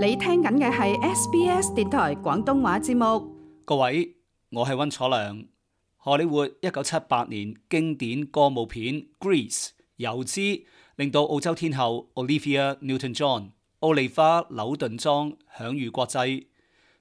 你聽緊嘅係 SBS 電台廣東話節目。各位，我係温楚良。荷里活一九七八年經典歌舞片《Greece》油脂令到澳洲天后 Olivia Newton-John 奧莉花紐頓莊享譽國際。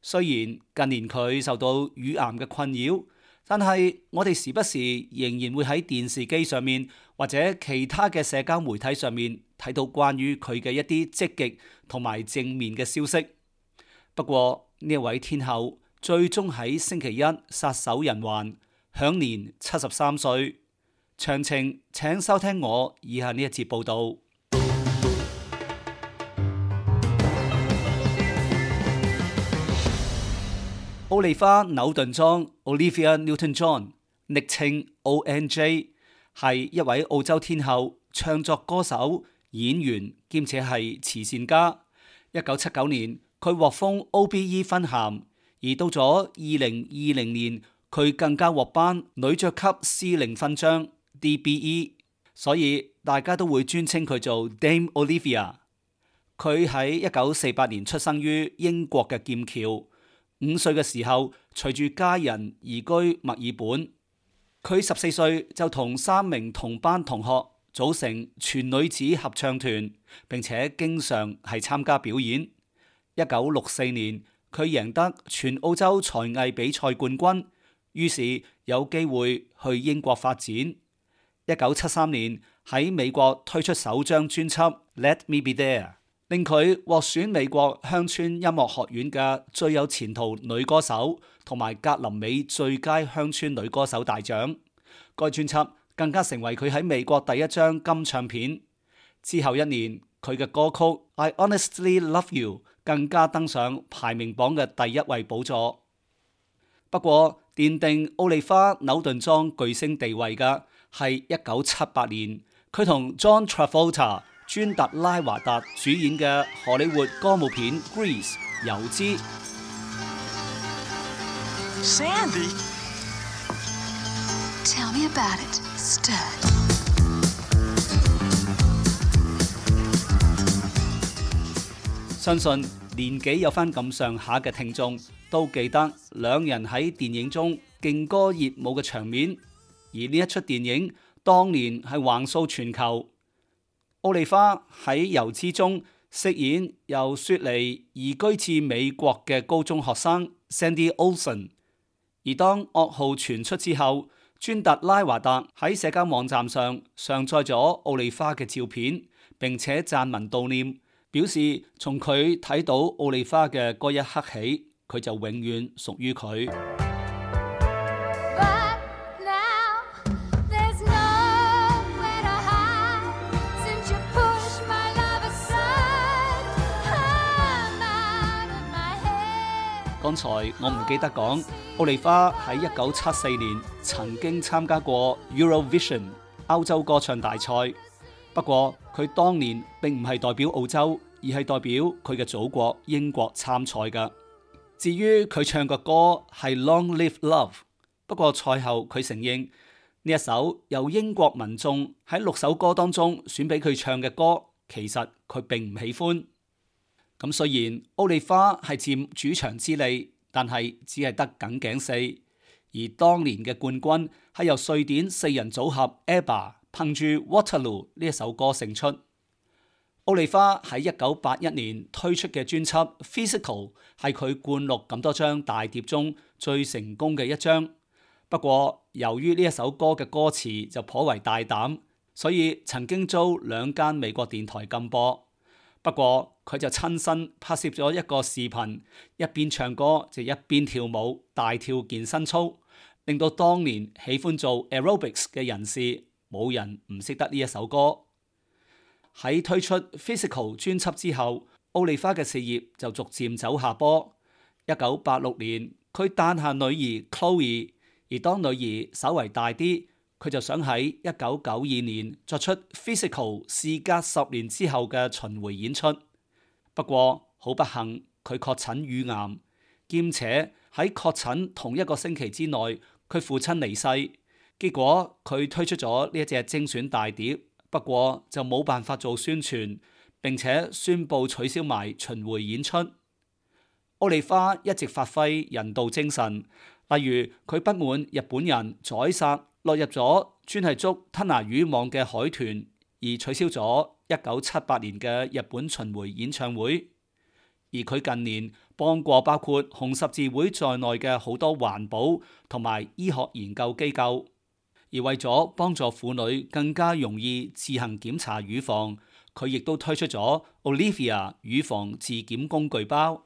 雖然近年佢受到乳癌嘅困擾，但係我哋時不時仍然會喺電視機上面或者其他嘅社交媒體上面，睇到關於佢嘅一啲積極同埋正面嘅消息，不過呢一位天后最終喺星期一撒手人寰，享年七十三歲。詳情請收聽我以下呢一節報導。奧莉花紐頓莊 （Olivia Newton-John），暱稱 ONJ，係一位澳洲天后、唱作歌手。演員兼且係慈善家。一九七九年，佢獲封 OBE 勳銜，而到咗二零二零年，佢更加獲頒女爵級司令勳章 DBE，所以大家都會尊稱佢做 Dame Olivia。佢喺一九四八年出生於英國嘅劍橋，五歲嘅時候隨住家人移居墨爾本。佢十四歲就同三名同班同學。組成全女子合唱團，並且經常係參加表演。一九六四年，佢贏得全澳洲才藝比賽冠軍，於是有機會去英國發展。一九七三年喺美國推出首張專輯《Let Me Be There》，令佢獲選美國鄉村音樂學院嘅最有前途女歌手，同埋格林美最佳鄉村女歌手大獎。該專輯。更加成為佢喺美國第一張金唱片。之後一年，佢嘅歌曲《I Honestly Love You》更加登上排名榜嘅第一位寶座。不過，奠定奧莉花紐頓莊巨星地位嘅係一九七八年，佢同 John Travolta、尊特拉華達主演嘅荷里活歌舞片《Grease》油脂。Sandy。Tell me about it, stud. 相信年紀有翻咁上下嘅聽眾都記得兩人喺電影中勁歌熱舞嘅場面。而呢一出電影當年係橫掃全球。奧利花喺《油脂》中飾演由雪梨移居至美國嘅高中學生 Sandy Olson，而當噩耗傳出之後，尊特拉華達喺社交網站上上載咗奧利花嘅照片，並且撰文悼念，表示從佢睇到奧利花嘅嗰一刻起，佢就永遠屬於佢。剛才我唔記得講，奧利花喺一九七四年曾經參加過 Eurovision 歐洲歌唱大賽，不過佢當年並唔係代表澳洲，而係代表佢嘅祖國英國參賽噶。至於佢唱嘅歌係《Long Live Love》，不過賽後佢承認呢一首由英國民眾喺六首歌當中選俾佢唱嘅歌，其實佢並唔喜歡。咁雖然奧莉花係佔主場之利，但係只係得緊頸四。而當年嘅冠軍係由瑞典四人組合 ABBA 憑住《Waterloo》呢一首歌勝出。奧莉花喺一九八一年推出嘅專輯《Physical》係佢灌錄咁多張大碟中最成功嘅一張。不過由於呢一首歌嘅歌詞就頗為大膽，所以曾經遭兩間美國電台禁播。不過佢就親身拍攝咗一個視頻，一邊唱歌就一邊跳舞，大跳健身操，令到當年喜歡做 aerobics 嘅人士冇人唔識得呢一首歌。喺推出 physical 專輯之後，奧莉花嘅事業就逐漸走下坡。一九八六年，佢誕下女兒 Chloe，而當女兒稍為大啲。佢就想喺一九九二年作出 Physical，事隔十年之後嘅巡迴演出。不過好不幸，佢確診乳癌，兼且喺確診同一個星期之內，佢父親離世。結果佢推出咗呢一隻精選大碟，不過就冇辦法做宣傳，並且宣布取消埋巡迴演出。奧莉花一直發揮人道精神，例如佢不滿日本人宰殺。落入咗專係捉吞拿魚網嘅海豚，而取消咗一九七八年嘅日本巡迴演唱會。而佢近年幫過包括紅十字會在內嘅好多環保同埋醫學研究機構。而為咗幫助婦女更加容易自行檢查乳房，佢亦都推出咗 Olivia 乳房自檢工具包。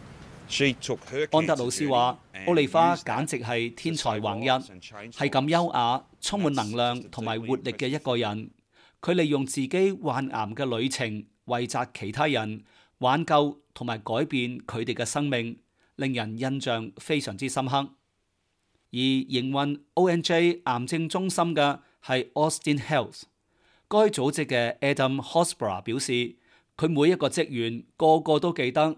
安德老師話：奧利花簡直係天才橫溢，係咁優雅、充滿能量同埋活力嘅一個人。佢利用自己患癌嘅旅程，慰藉其他人，挽救同埋改變佢哋嘅生命，令人印象非常之深刻。而營運 ONJ 癌症中心嘅係 Austin Health，該組織嘅 Adam Horsburgh 表示：佢每一個職員個個都記得。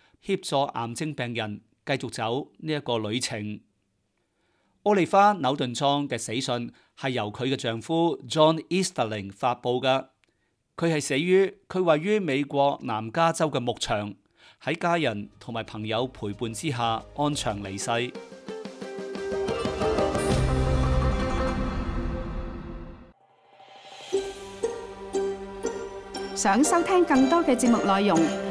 協助癌症病人繼續走呢一個旅程。奧莉花紐頓莊嘅死訊係由佢嘅丈夫 John Easterling 發佈㗎。佢係死於佢位於美國南加州嘅牧場，喺家人同埋朋友陪伴之下安詳離世。想收聽更多嘅節目內容。